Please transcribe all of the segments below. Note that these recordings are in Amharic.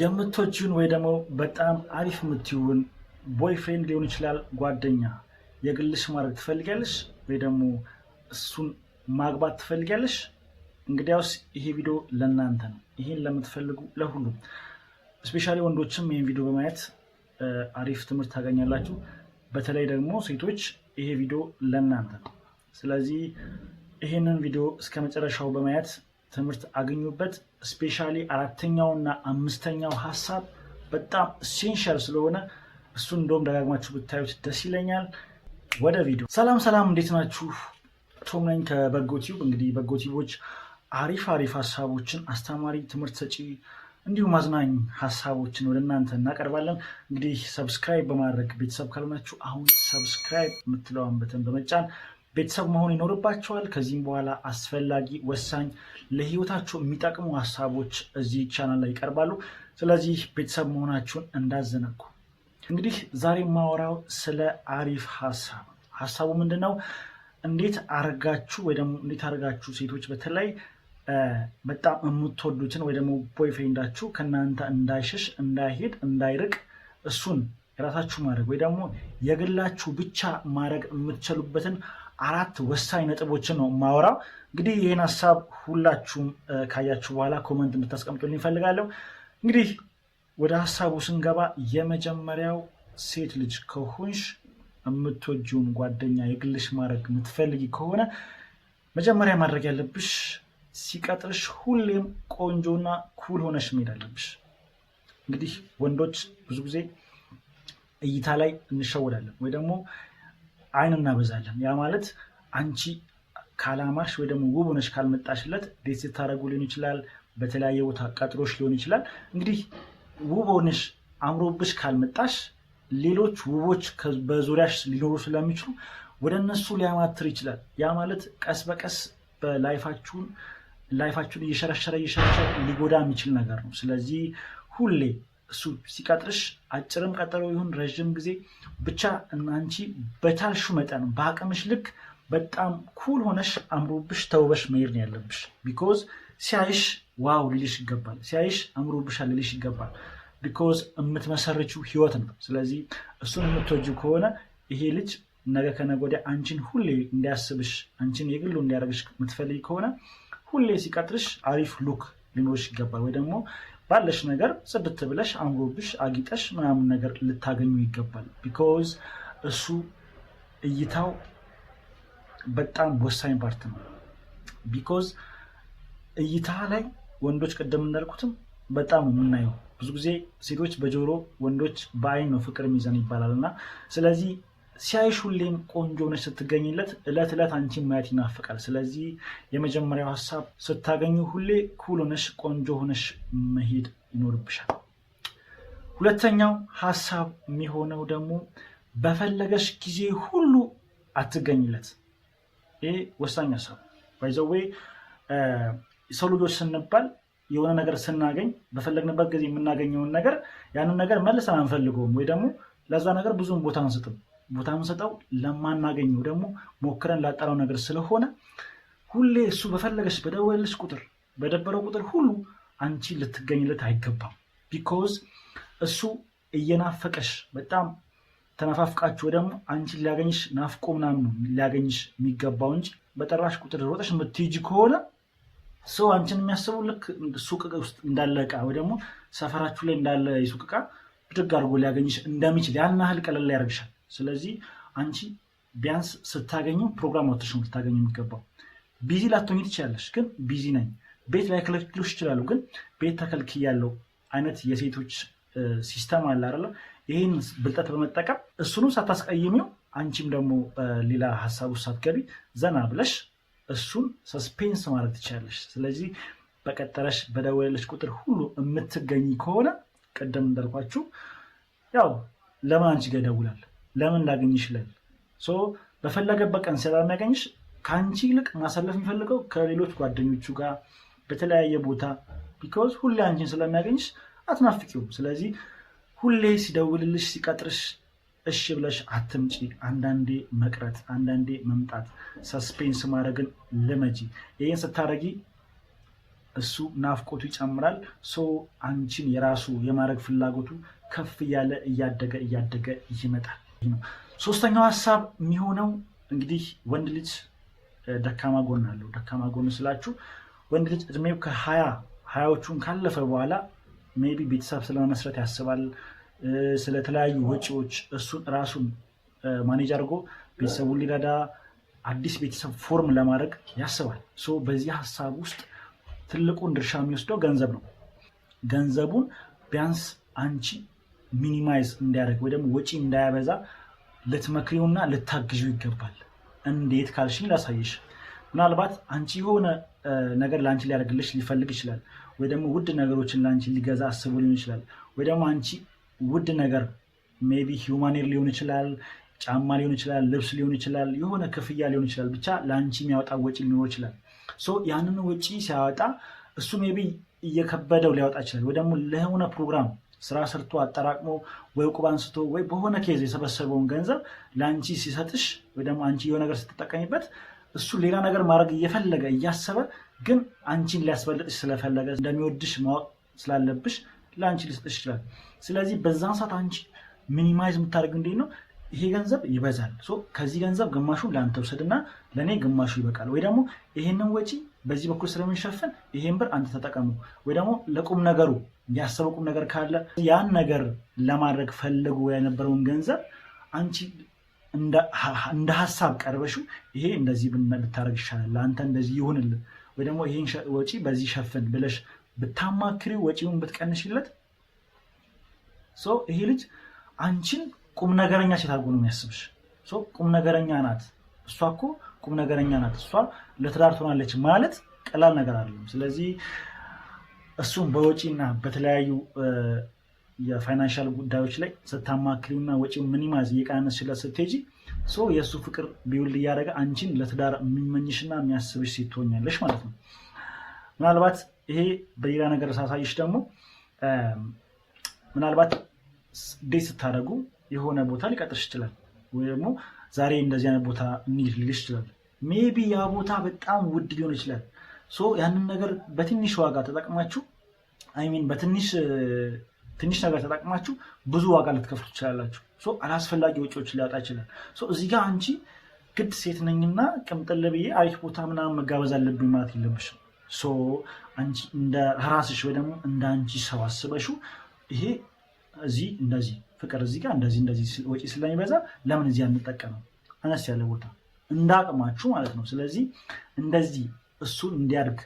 የምትወጂውን ወይ ደግሞ በጣም አሪፍ የምትይውን ቦይፍሬንድ ሊሆን ይችላል፣ ጓደኛ የግልሽ ማድረግ ትፈልጊያለሽ ወይ ደግሞ እሱን ማግባት ትፈልጊያለሽ? እንግዲያውስ ይሄ ቪዲዮ ለእናንተ ነው። ይህን ለምትፈልጉ ለሁሉም፣ ስፔሻሊ ወንዶችም ይህን ቪዲዮ በማየት አሪፍ ትምህርት ታገኛላችሁ። በተለይ ደግሞ ሴቶች ይሄ ቪዲዮ ለእናንተ ነው። ስለዚህ ይህንን ቪዲዮ እስከ መጨረሻው በማየት ትምህርት አገኙበት። ስፔሻሊ አራተኛውና አምስተኛው ሀሳብ በጣም ሴንሻል ስለሆነ እሱን እንደውም ደጋግማችሁ ብታዩት ደስ ይለኛል። ወደ ቪዲዮ። ሰላም ሰላም፣ እንዴት ናችሁ? ቶም ነኝ ከበጎ ቲዩብ። እንግዲህ በጎ ቲዩቦች አሪፍ አሪፍ ሀሳቦችን አስተማሪ፣ ትምህርት ሰጪ እንዲሁም አዝናኝ ሀሳቦችን ወደ እናንተ እናቀርባለን። እንግዲህ ሰብስክራይብ በማድረግ ቤተሰብ ካልሆናችሁ አሁን ሰብስክራይብ የምትለዋን በተን በመጫን ቤተሰብ መሆን ይኖርባቸዋል። ከዚህም በኋላ አስፈላጊ ወሳኝ፣ ለህይወታቸው የሚጠቅሙ ሀሳቦች እዚህ ቻናል ላይ ይቀርባሉ። ስለዚህ ቤተሰብ መሆናችሁን እንዳዘነጉ። እንግዲህ ዛሬ የማወራው ስለ አሪፍ ሀሳብ ሀሳቡ ምንድን ነው? እንዴት አርጋችሁ ወይ ደግሞ እንዴት አርጋችሁ ሴቶች በተለይ በጣም የምትወዱትን ወይ ደግሞ ቦይፍሬንዳችሁ ከእናንተ እንዳይሸሽ፣ እንዳይሄድ፣ እንዳይርቅ እሱን የራሳችሁ ማድረግ ወይ ደግሞ የግላችሁ ብቻ ማድረግ የምትችሉበትን አራት ወሳኝ ነጥቦችን ነው የማወራው። እንግዲህ ይህን ሀሳብ ሁላችሁም ካያችሁ በኋላ ኮመንት እንድታስቀምጡልኝ እፈልጋለሁ። እንግዲህ ወደ ሀሳቡ ስንገባ የመጀመሪያው ሴት ልጅ ከሆንሽ የምትወጂውን ጓደኛ የግልሽ ማድረግ የምትፈልጊ ከሆነ መጀመሪያ ማድረግ ያለብሽ ሲቀጥርሽ ሁሌም ቆንጆና ኩል ሆነሽ መሄድ አለብሽ። እንግዲህ ወንዶች ብዙ ጊዜ እይታ ላይ እንሸወዳለን ወይ ደግሞ አይን እናበዛለን። ያ ማለት አንቺ ካላማሽ ወይ ደግሞ ውብ ሆነሽ ካልመጣሽለት ቤት ስታደረጉ ሊሆን ይችላል፣ በተለያየ ቦታ ቀጥሮች ሊሆን ይችላል። እንግዲህ ውብ ሆነሽ አምሮብሽ ካልመጣሽ ሌሎች ውቦች በዙሪያሽ ሊኖሩ ስለሚችሉ ወደ እነሱ ሊያማትር ይችላል። ያ ማለት ቀስ በቀስ በላይፋችሁን ላይፋችሁን እየሸረሸረ እየሸረሸረ ሊጎዳ የሚችል ነገር ነው። ስለዚህ ሁሌ እሱ ሲቀጥርሽ አጭርም ቀጠሮ ይሁን ረዥም ጊዜ ብቻ እናንቺ በታልሹ መጠን በአቅምሽ ልክ በጣም ኩል ሆነሽ አምሮብሽ ተውበሽ መሄድ ነው ያለብሽ። ቢኮዝ ሲያይሽ ዋው ሊልሽ ይገባል። ሲያይሽ አምሮብሻል ሊልሽ ይገባል። ቢኮዝ የምትመሰረችው ህይወት ነው። ስለዚህ እሱን የምትወጂው ከሆነ ይሄ ልጅ ነገ ከነገ አንቺን ሁሌ እንዲያስብሽ አንቺን የግሉ እንዲያደርግሽ የምትፈልጊ ከሆነ ሁሌ ሲቀጥርሽ አሪፍ ሉክ ሊኖርሽ ይገባል ወይ ደግሞ ባለሽ ነገር ጽድት ብለሽ አምሮብሽ አጊጠሽ ምናምን ነገር ልታገኙ ይገባል። ቢኮዝ እሱ እይታው በጣም ወሳኝ ፓርት ነው። ቢኮዝ እይታ ላይ ወንዶች ቅድም እንዳልኩትም በጣም የምናየው ብዙ ጊዜ ሴቶች በጆሮ ወንዶች በአይን ነው ፍቅር ሚዘን ይባላል እና ስለዚህ ሲያይሽ ሁሌም ቆንጆ ሆነች ስትገኝለት እለት እለት አንቺን ማየት ይናፍቃል። ስለዚህ የመጀመሪያው ሀሳብ ስታገኙ ሁሌ ኩል ሆነሽ ቆንጆ ሆነሽ መሄድ ይኖርብሻል። ሁለተኛው ሀሳብ የሚሆነው ደግሞ በፈለገሽ ጊዜ ሁሉ አትገኝለት። ይህ ወሳኝ ሀሳብ ባይዘዌ ሰው ልጆች ስንባል የሆነ ነገር ስናገኝ በፈለግንበት ጊዜ የምናገኘውን ነገር ያንን ነገር መልሰን አንፈልገውም ወይ ደግሞ ለዛ ነገር ብዙም ቦታ አንስጥም። ቦታ የምንሰጠው ለማናገኘው ደግሞ ሞክረን ላጠራው ነገር ስለሆነ ሁሌ እሱ በፈለገች በደወለች ቁጥር በደበረው ቁጥር ሁሉ አንቺ ልትገኝለት አይገባም። ቢኮዝ እሱ እየናፈቀሽ በጣም ተነፋፍቃችሁ ደግሞ አንቺን ሊያገኝሽ ናፍቆ ምናምን ሊያገኝሽ የሚገባው እንጂ በጠራሽ ቁጥር ሮጠሽ የምትሄጂ ከሆነ ሰው አንቺን የሚያስቡ ልክ ሱቅ ውስጥ እንዳለ እቃ ወይ ደግሞ ሰፈራችሁ ላይ እንዳለ የሱቅ እቃ ብድግ አድርጎ ሊያገኝሽ እንደሚችል ያን ያህል ቀለል ያደርግሻል። ስለዚህ አንቺ ቢያንስ ስታገኙ ፕሮግራም ወጥተሽ ነው ልታገኙ የሚገባው። ቢዚ ላትሆኚ ትችላለሽ፣ ግን ቢዚ ነኝ ቤት ላይ ከለክሎች ይችላሉ፣ ግን ቤት ተከልክ ያለው አይነት የሴቶች ሲስተም አለ አለ ይህን ብልጠት በመጠቀም እሱንም ሳታስቀይሚው አንቺም ደግሞ ሌላ ሀሳብ ውስጥ ሳትገቢ ዘና ብለሽ እሱን ሰስፔንስ ማለት ትችላለሽ። ስለዚህ በቀጠረሽ በደወለች ቁጥር ሁሉ የምትገኝ ከሆነ ቅድም እንዳልኳችሁ ያው ለምን አንቺ ጋር ይደውላል ለምን ላገኝ ይችላል? በፈለገበት ቀን ስለሚያገኝሽ ከአንቺ ይልቅ ማሳለፍ የሚፈልገው ከሌሎች ጓደኞቹ ጋር በተለያየ ቦታ ቢኮዝ ሁሌ አንቺን ስለሚያገኝሽ አትናፍቂውም። ስለዚህ ሁሌ ሲደውልልሽ ሲቀጥርሽ እሺ ብለሽ አትምጪ። አንዳንዴ መቅረት፣ አንዳንዴ መምጣት፣ ሰስፔንስ ማድረግን ልመጂ። ይህን ስታረጊ እሱ ናፍቆቱ ይጨምራል። ሰው አንቺን የራሱ የማድረግ ፍላጎቱ ከፍ እያለ እያደገ እያደገ ይመጣል። ነው። ሶስተኛው ሀሳብ የሚሆነው እንግዲህ ወንድ ልጅ ደካማ ጎን አለው። ደካማ ጎን ስላችሁ ወንድ ልጅ እድሜው ከሀያ ሀያዎቹን ካለፈ በኋላ ሜይ ቢ ቤተሰብ ስለመመስረት ያስባል። ስለተለያዩ ወጪዎች እሱን ራሱን ማኔጅ አድርጎ ቤተሰቡን ሊረዳ አዲስ ቤተሰብ ፎርም ለማድረግ ያስባል። ሶ በዚህ ሀሳብ ውስጥ ትልቁን ድርሻ የሚወስደው ገንዘብ ነው። ገንዘቡን ቢያንስ አንቺ ሚኒማይዝ እንዲያደርግ ወይ ደግሞ ወጪ እንዳያበዛ ልትመክሪውና ልታግዥው ይገባል። እንዴት ካልሽኝ ላሳየሽ። ምናልባት አንቺ የሆነ ነገር ለአንቺ ሊያደርግልሽ ሊፈልግ ይችላል፣ ወይ ደግሞ ውድ ነገሮችን ለአንቺ ሊገዛ አስቡ ሊሆን ይችላል፣ ወይ ደግሞ አንቺ ውድ ነገር ሜይ ቢ ሂውማኔር ሊሆን ይችላል፣ ጫማ ሊሆን ይችላል፣ ልብስ ሊሆን ይችላል፣ የሆነ ክፍያ ሊሆን ይችላል። ብቻ ለአንቺ የሚያወጣ ወጪ ሊኖር ይችላል። ሶ ያንን ወጪ ሲያወጣ እሱ ሜቢ ቢ እየከበደው ሊያወጣ ይችላል፣ ወይ ደግሞ ለሆነ ፕሮግራም ስራ ሰርቶ አጠራቅሞ ወይ ቁብ አንስቶ ወይ በሆነ ኬዝ የሰበሰበውን ገንዘብ ለአንቺ ሲሰጥሽ ወይ ደግሞ አንቺ የሆነ ነገር ስትጠቀሚበት እሱ ሌላ ነገር ማድረግ እየፈለገ እያሰበ ግን አንቺን ሊያስበልጥሽ ስለፈለገ እንደሚወድሽ ማወቅ ስላለብሽ ለአንቺ ሊሰጥሽ ይችላል። ስለዚህ በዛን ሰዓት አንቺ ሚኒማይዝ የምታደርግ እንዴት ነው? ይሄ ገንዘብ ይበዛል፣ ከዚህ ገንዘብ ግማሹን ለአንተ ውሰድና ለእኔ ግማሹ ይበቃል፣ ወይ ደግሞ ይሄንን ወጪ በዚህ በኩል ስለምንሸፍን ይሄን ብር አንተ ተጠቀሙ፣ ወይ ደግሞ ለቁም ነገሩ ያሰበው ነገር ካለ ያን ነገር ለማድረግ ፈልጉ የነበረውን ገንዘብ አንቺ እንደ ሀሳብ ቀርበሹ ይሄ እንደዚህ ብታደረግ ይሻላል፣ ለአንተ እንደዚህ ይሁንል፣ ወይ ደግሞ ይህን ወጪ በዚህ ሸፍን ብለሽ ብታማክሪው ወጪውን ብትቀንሽለት ይሄ ልጅ አንቺን ቁም ነገረኛ ሴት አድርጎ ነው የሚያስብሽ። ቁም ነገረኛ ናት እሷ እኮ ቁም ነገረኛ ናት እሷ ለትዳር ትሆናለች ማለት ቀላል ነገር አይደለም። ስለዚህ እሱም በወጪና በተለያዩ የፋይናንሻል ጉዳዮች ላይ ስታማክሪውና ወጪ ሚኒማይዝ እየቀነስ ችለት ስትሄጂ የእሱ ፍቅር ቢውልድ እያደረገ አንቺን ለትዳር የሚመኝሽና የሚያስብሽ ሴት ትሆኛለሽ ማለት ነው። ምናልባት ይሄ በሌላ ነገር ሳሳይሽ ደግሞ ምናልባት ዴት ስታደርጉ የሆነ ቦታ ሊቀጥርሽ ይችላል። ወይ ደግሞ ዛሬ እንደዚህ አይነት ቦታ እንሂድ ሊልሽ ይችላል። ሜቢ ያ ቦታ በጣም ውድ ሊሆን ይችላል። ያንን ነገር በትንሽ ዋጋ ተጠቅማችሁ አይሚን በትንሽ ትንሽ ነገር ተጠቅማችሁ ብዙ ዋጋ ልትከፍሉ ትችላላችሁ። አላስፈላጊ ወጪዎች ሊያወጣ ይችላል። እዚህ ጋር አንቺ ግድ ሴት ነኝና ቅምጥል ብዬ አሪፍ ቦታ ምናምን መጋበዝ አለብኝ ማለት የለብሽም። አንቺ እንደ ራስሽ ወይ ደግሞ እንደ አንቺ ሰው አስበሽው ይሄ እዚህ እንደዚህ ፍቅር እዚህ ጋር እንደዚህ እንደዚህ ወጪ ስለሚበዛ ለምን እዚህ አንጠቀምም? አነስ ያለ ቦታ እንዳቅማችሁ ማለት ነው። ስለዚህ እንደዚህ እሱን እንዲያድግ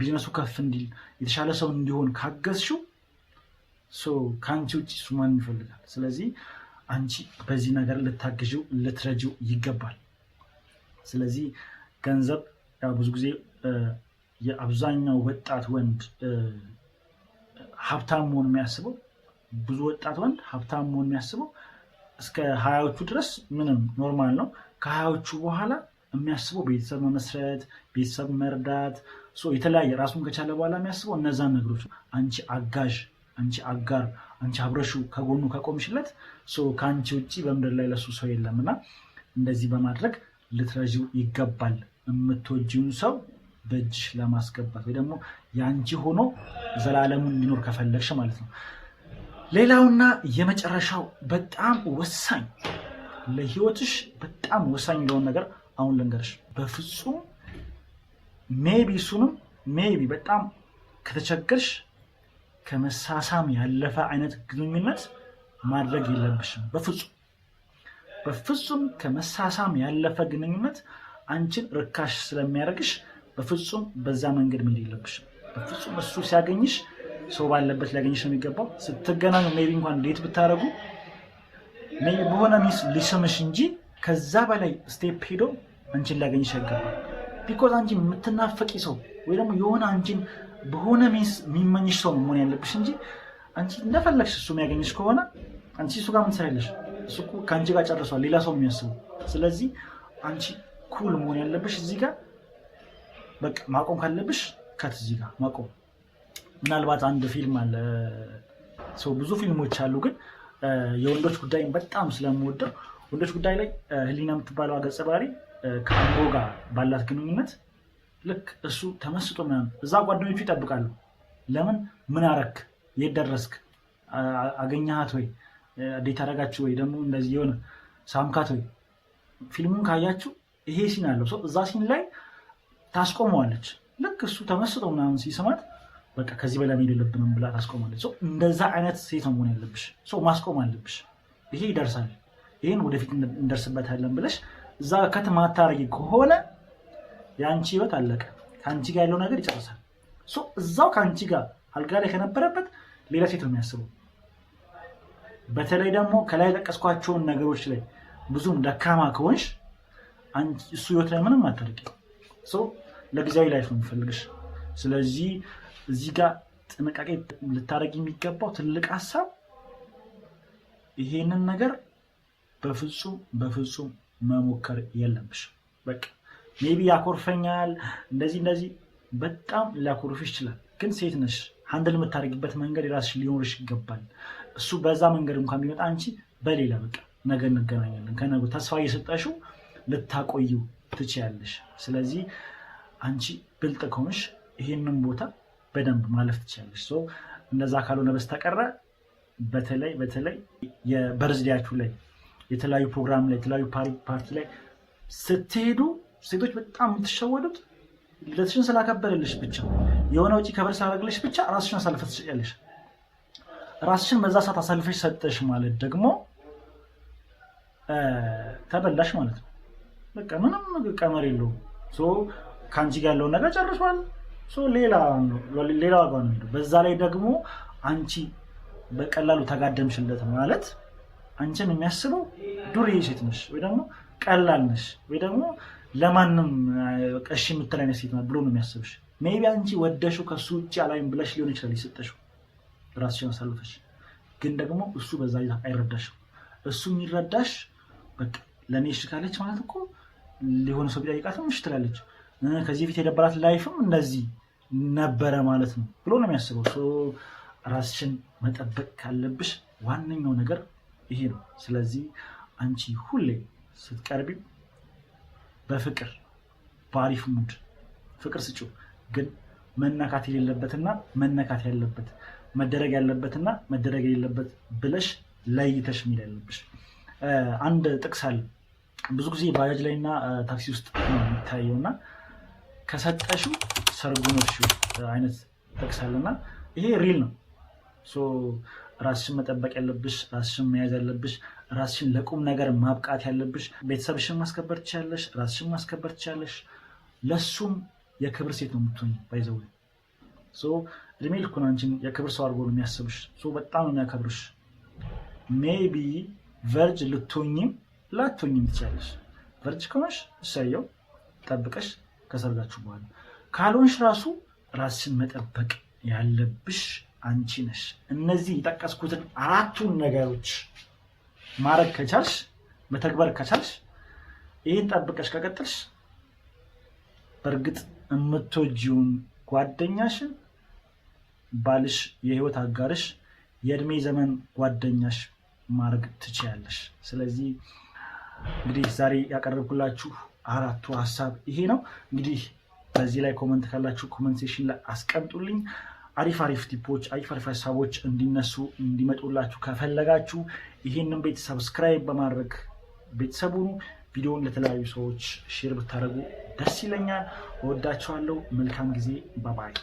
ቢዝነሱ ከፍ እንዲል የተሻለ ሰው እንዲሆን ካገዝሽው ከአንቺ ውጭ እሱ ማን ይፈልጋል? ስለዚህ አንቺ በዚህ ነገር ልታግዥው ልትረጂው ይገባል። ስለዚህ ገንዘብ ብዙ ጊዜ የአብዛኛው ወጣት ወንድ ሀብታም መሆን የሚያስበው ብዙ ወጣት ወንድ ሀብታም መሆን የሚያስበው እስከ ሀያዎቹ ድረስ ምንም ኖርማል ነው። ከሀያዎቹ በኋላ የሚያስበው ቤተሰብ መመስረት፣ ቤተሰብ መርዳት፣ የተለያየ ራሱን ከቻለ በኋላ የሚያስበው እነዛን ነገሮች። አንቺ አጋዥ፣ አንቺ አጋር፣ አንቺ አብረሹ ከጎኑ ከቆምሽለት ከአንቺ ውጭ በምድር ላይ ለሱ ሰው የለም እና እንደዚህ በማድረግ ልትረዥው ይገባል። የምትወጂውን ሰው በእጅሽ ለማስገባት ወይ ደግሞ የአንቺ ሆኖ ዘላለሙን ሊኖር ከፈለግሽ ማለት ነው። ሌላውና የመጨረሻው በጣም ወሳኝ ለህይወትሽ በጣም ወሳኝ ለሆነ ነገር አሁን ልንገርሽ፣ በፍጹም ሜቢ እሱንም ሜቢ በጣም ከተቸገርሽ ከመሳሳም ያለፈ አይነት ግንኙነት ማድረግ የለብሽም። በፍጹም በፍጹም ከመሳሳም ያለፈ ግንኙነት አንቺን ርካሽ ስለሚያደርግሽ በፍጹም በዛ መንገድ መሄድ የለብሽም። በፍጹም እሱ ሲያገኝሽ ሰው ባለበት ሊያገኝሽ ነው የሚገባው። ስትገናኙ ሜቢ እንኳን ዴት ብታደርጉ ሜቢ በሆነ ሚስ ሊስምሽ እንጂ ከዛ በላይ ስቴፕ ሄዶ አንቺን ላገኝ ይቸገራል። ቢኮዝ አንቺ የምትናፈቂ ሰው ወይ ደግሞ የሆነ አንቺን በሆነ የሚመኝሽ ሰው መሆን ያለብሽ እንጂ አንቺ እንደፈለግሽ እሱ የሚያገኝሽ ከሆነ አንቺ እሱ ጋር ምን እሱ ከአንቺ ጋር ጨርሷል፣ ሌላ ሰው የሚያስቡ። ስለዚህ አንቺ ኩል መሆን ያለብሽ እዚህ ጋር በቃ ማቆም ካለብሽ ከት እዚህ ጋር ማቆም። ምናልባት አንድ ፊልም አለ ሰው ብዙ ፊልሞች አሉ፣ ግን የወንዶች ጉዳይን በጣም ስለምወደው ወንዶች ጉዳይ ላይ ህሊና የምትባለው ገጸ ባህሪ ከአምቦ ጋር ባላት ግንኙነት ልክ እሱ ተመስጦ ምናምን እዛ ጓደኞቹ ይጠብቃሉ። ለምን ምን አረክ፣ የት ደረስክ፣ አገኘሃት ወይ፣ እንዴት አደረጋችሁ ወይ፣ ደግሞ እንደዚህ የሆነ ሳምካት ወይ። ፊልሙን ካያችሁ ይሄ ሲን አለው ሰው እዛ ሲን ላይ ታስቆመዋለች። ልክ እሱ ተመስጦ ምናምን ሲስማት በቃ ከዚህ በላይ መሄድ የለብንም ብላ ታስቆማለች። እንደዛ አይነት ሴት መሆን ያለብሽ፣ ማስቆም አለብሽ። ይሄ ይደርሳል። ይህን ወደፊት እንደርስበታለን ብለሽ እዛ ከተማ አታረጊ ከሆነ የአንቺ ህይወት አለቀ። ከአንቺ ጋር ያለው ነገር ይጨርሳል። እዛው ከአንቺ ጋር አልጋ ላይ ከነበረበት ሌላ ሴት ነው የሚያስቡ። በተለይ ደግሞ ከላይ የጠቀስኳቸውን ነገሮች ላይ ብዙም ደካማ ከሆንሽ እሱ ህይወት ላይ ምንም አታደርጊ። ለጊዜያዊ ላይፍ ነው የሚፈልግሽ። ስለዚህ እዚህ ጋር ጥንቃቄ ልታደርግ የሚገባው ትልቅ ሀሳብ ይሄንን ነገር በፍጹም በፍጹም መሞከር የለብሽ። በቃ ሜቢ ያኮርፈኛል፣ እንደዚህ እንደዚህ በጣም ሊያኮርፍሽ ይችላል። ግን ሴት ነሽ፣ ሀንድል የምታደርጊበት መንገድ የራስሽ ሊኖርሽ ይገባል። እሱ በዛ መንገድ እንኳን ቢመጣ አንቺ በሌላ በቃ ነገ እንገናኛለን ከነገ ተስፋ እየሰጠሽው ልታቆዩ ትችያለሽ። ስለዚህ አንቺ ብልጥ ከሆንሽ ይህንን ቦታ በደንብ ማለፍ ትችያለሽ። እንደዛ ካልሆነ በስተቀረ በተለይ በተለይ የበርዝዲያችሁ ላይ የተለያዩ ፕሮግራም ላይ የተለያዩ ፓርቲ ላይ ስትሄዱ ሴቶች በጣም የምትሸወዱት ልደትሽን ስላከበረልሽ ብቻ የሆነ ውጪ ከበር ስላደረግልሽ ብቻ ራስሽን አሳልፈ ትሰጫለሽ። ራስሽን በዛ ሰዓት አሳልፈሽ ሰጠሽ ማለት ደግሞ ተበላሽ ማለት ነው። በቃ ምንም ቀመር የለውም። ከአንቺ ጋር ያለውን ነገር ጨርሷል። ሌላ ዋጋ ነው። በዛ ላይ ደግሞ አንቺ በቀላሉ ተጋደምሽለት ማለት አንቺን የሚያስበው ዱርዬ ሴት ነሽ ወይ ደግሞ ቀላል ነሽ ወይ ደግሞ ለማንም ቀሺ የምትል አይነት ሴት ብሎ ነው የሚያስብሽ። ሜይ ቢ አንቺ ወደሽው ከሱ ውጭ አላይም ብለሽ ሊሆን ይችላል የሰጠሽው ራስሽን አሳልፈሽ፣ ግን ደግሞ እሱ በዛ አይረዳሽም። እሱ የሚረዳሽ በቃ ለእኔ እሺ ካለች ማለት እኮ ሊሆን ሰው ቢጠይቃትም እሺ ትላለች። ከዚህ በፊት የደበራት ላይፍም እንደዚህ ነበረ ማለት ነው ብሎ ነው የሚያስበው። ራስሽን መጠበቅ ካለብሽ ዋነኛው ነገር ይሄ ነው። ስለዚህ አንቺ ሁሌ ስትቀርቢው በፍቅር በአሪፍ ሙድ ፍቅር ስጪው። ግን መነካት የሌለበትና መነካት ያለበት መደረግ ያለበትና መደረግ የሌለበት ብለሽ ለይተሽ የሚል ያለብሽ አንድ ጥቅስ አለ። ብዙ ጊዜ ባጃጅ ላይ እና ታክሲ ውስጥ ነው የሚታየው እና ከሰጠሽው ሰርጉኖች አይነት ጥቅስ አለና ይሄ ሪል ነው። ራስሽን መጠበቅ ያለብሽ፣ ራስሽን መያዝ ያለብሽ፣ ራስሽን ለቁም ነገር ማብቃት ያለብሽ። ቤተሰብሽን ማስከበር ትችላለሽ፣ ራስሽን ማስከበር ትችላለሽ። ለሱም የክብር ሴት ነው የምትሆኝ። ባይዘው እድሜ ልኩን አንቺን የክብር ሰው አድርጎ ነው የሚያስብሽ። በጣም ነው የሚያከብርሽ። ሜቢ ቨርጅ ልትሆኝም ላትሆኝም ትችላለሽ። ቨርጅ ከሆነሽ እሳየው ጠብቀሽ ከሰርጋችሁ በኋላ ካልሆንሽ ራሱ ራስሽን መጠበቅ ያለብሽ አንቺ ነሽ። እነዚህ የጠቀስኩትን አራቱን ነገሮች ማድረግ ከቻልሽ፣ መተግበር ከቻልሽ፣ ይህን ጠብቀሽ ከቀጥልሽ በእርግጥ የምትወጂውን ጓደኛሽን፣ ባልሽ፣ የህይወት አጋርሽ፣ የእድሜ ዘመን ጓደኛሽ ማድረግ ትችያለሽ። ስለዚህ እንግዲህ ዛሬ ያቀረብኩላችሁ አራቱ ሀሳብ ይሄ ነው። እንግዲህ በዚህ ላይ ኮመንት ካላችሁ ኮመንሴሽን ላይ አስቀምጡልኝ። አሪፍ አሪፍ ቲፖች፣ አሪፍ አሪፍ ሀሳቦች እንዲነሱ እንዲመጡላችሁ ከፈለጋችሁ ይህንን ቤት ሰብስክራይብ በማድረግ ቤተሰቡ ቪዲዮውን ለተለያዩ ሰዎች ሼር ብታደርጉ ደስ ይለኛል። እወዳችኋለሁ። መልካም ጊዜ። ባባይ